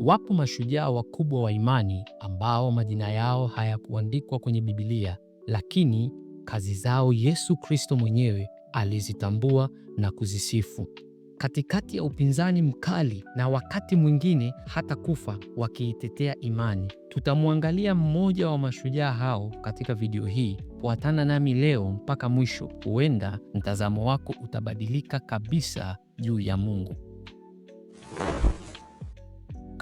Wapo mashujaa wakubwa wa imani ambao majina yao hayakuandikwa kwenye Biblia, lakini kazi zao Yesu Kristo mwenyewe alizitambua na kuzisifu. Katikati ya upinzani mkali na wakati mwingine hata kufa wakiitetea imani. Tutamwangalia mmoja wa mashujaa hao katika video hii. Fuatana nami leo mpaka mwisho, huenda mtazamo wako utabadilika kabisa juu ya Mungu.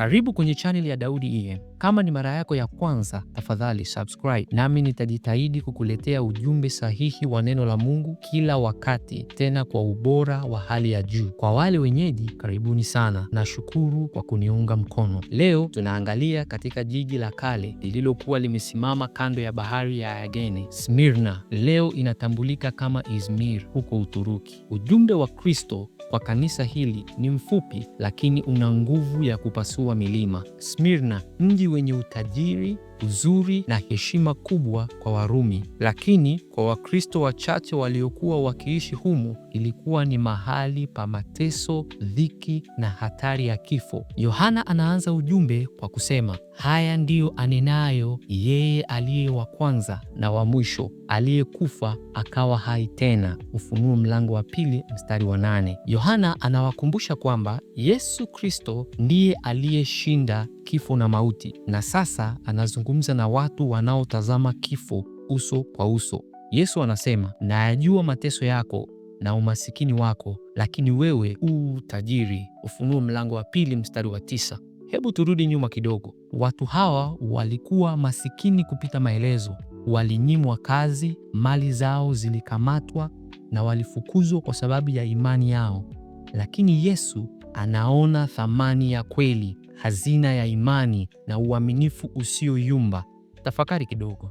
Karibu kwenye channel ya Daudi EM. Kama ni mara yako ya kwanza, tafadhali subscribe, nami nitajitahidi kukuletea ujumbe sahihi wa neno la Mungu kila wakati, tena kwa ubora wa hali ya juu. Kwa wale wenyeji, karibuni sana, nashukuru kwa kuniunga mkono. Leo tunaangalia katika jiji la kale lililokuwa limesimama kando ya bahari ya agene smirna Leo inatambulika kama Izmir huko Uturuki. Ujumbe wa Kristo wa kanisa hili ni mfupi, lakini una nguvu ya kupasua milima. Smyrna, mji wenye utajiri uzuri na heshima kubwa kwa Warumi, lakini kwa Wakristo wachache waliokuwa wakiishi humo ilikuwa ni mahali pa mateso, dhiki na hatari ya kifo. Yohana anaanza ujumbe kwa kusema, haya ndiyo anenayo yeye aliye wa kwanza na wa mwisho, aliyekufa akawa hai tena. Ufunuo mlango wa pili mstari wa nane. Yohana anawakumbusha kwamba Yesu Kristo ndiye aliyeshinda kifo na mauti, na sasa anazungumza na watu wanaotazama kifo uso kwa uso. Yesu anasema, nayajua mateso yako na umasikini wako, lakini wewe uu tajiri. Ufunuo mlango wa pili mstari wa tisa. Hebu turudi nyuma kidogo. Watu hawa walikuwa masikini kupita maelezo, walinyimwa kazi, mali zao zilikamatwa na walifukuzwa kwa sababu ya imani yao, lakini Yesu anaona thamani ya kweli hazina ya imani na uaminifu usioyumba. Tafakari kidogo,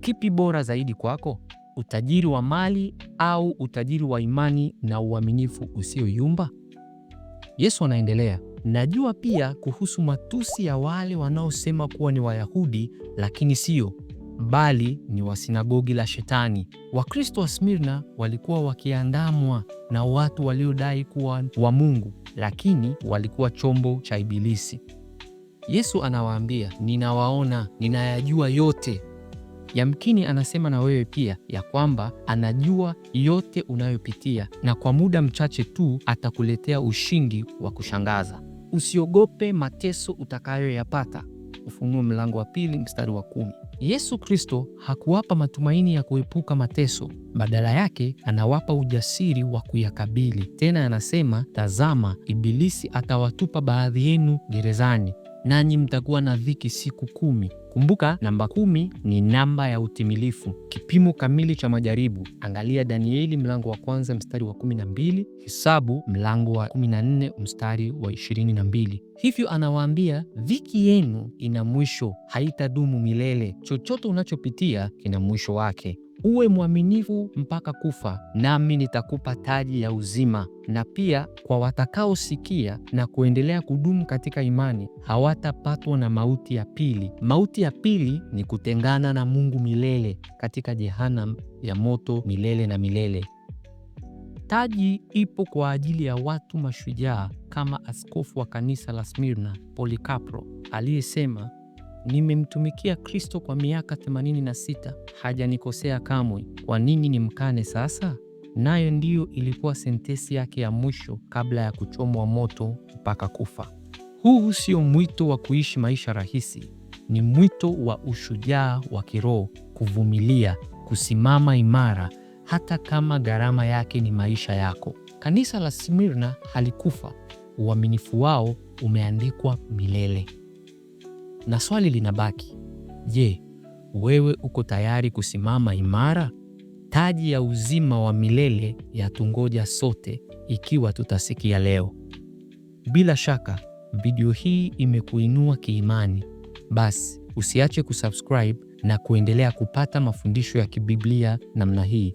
kipi bora zaidi kwako, utajiri wa mali au utajiri wa imani na uaminifu usioyumba? Yesu anaendelea, najua pia kuhusu matusi ya wale wanaosema kuwa ni Wayahudi lakini sio bali ni wa sinagogi la Shetani. Wakristo wa Smirna walikuwa wakiandamwa na watu waliodai kuwa wa Mungu, lakini walikuwa chombo cha Ibilisi. Yesu anawaambia, ninawaona, ninayajua yote. Yamkini anasema na wewe pia ya kwamba anajua yote unayopitia, na kwa muda mchache tu atakuletea ushindi wa kushangaza. Usiogope mateso utakayoyapata. Ufunuo mlango wa pili mstari wa kumi. Yesu Kristo hakuwapa matumaini ya kuepuka mateso, badala yake anawapa ujasiri wa kuyakabili. Tena anasema, tazama, Ibilisi atawatupa baadhi yenu gerezani, nanyi mtakuwa na dhiki siku kumi. Kumbuka, namba kumi ni namba ya utimilifu, kipimo kamili cha majaribu. Angalia Danieli mlango wa kwanza mstari wa mbili Hesabu mlango wa 14 mstari wa 22. Hivyo anawaambia dhiki yenu ina mwisho, haitadumu milele. Chochote unachopitia kina mwisho wake uwe mwaminifu mpaka kufa, nami nitakupa taji ya uzima. Na pia kwa watakaosikia na kuendelea kudumu katika imani, hawatapatwa na mauti ya pili. Mauti ya pili ni kutengana na Mungu milele katika jehanamu ya moto milele na milele. Taji ipo kwa ajili ya watu mashujaa kama askofu wa kanisa la smirna Polikapro aliyesema nimemtumikia Kristo kwa miaka 86, hajanikosea kamwe, kwa nini nimkane sasa? Nayo ndiyo ilikuwa sentensi yake ya mwisho kabla ya kuchomwa moto mpaka kufa. Huu sio mwito wa kuishi maisha rahisi, ni mwito wa ushujaa wa kiroho, kuvumilia, kusimama imara, hata kama gharama yake ni maisha yako. Kanisa la Smirna halikufa, uaminifu wao umeandikwa milele na swali linabaki, je, wewe uko tayari kusimama imara? Taji ya uzima wa milele ya tungoja sote, ikiwa tutasikia leo. Bila shaka video hii imekuinua kiimani, basi usiache kusubscribe na kuendelea kupata mafundisho ya kibiblia namna hii.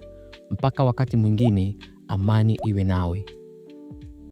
Mpaka wakati mwingine, amani iwe nawe.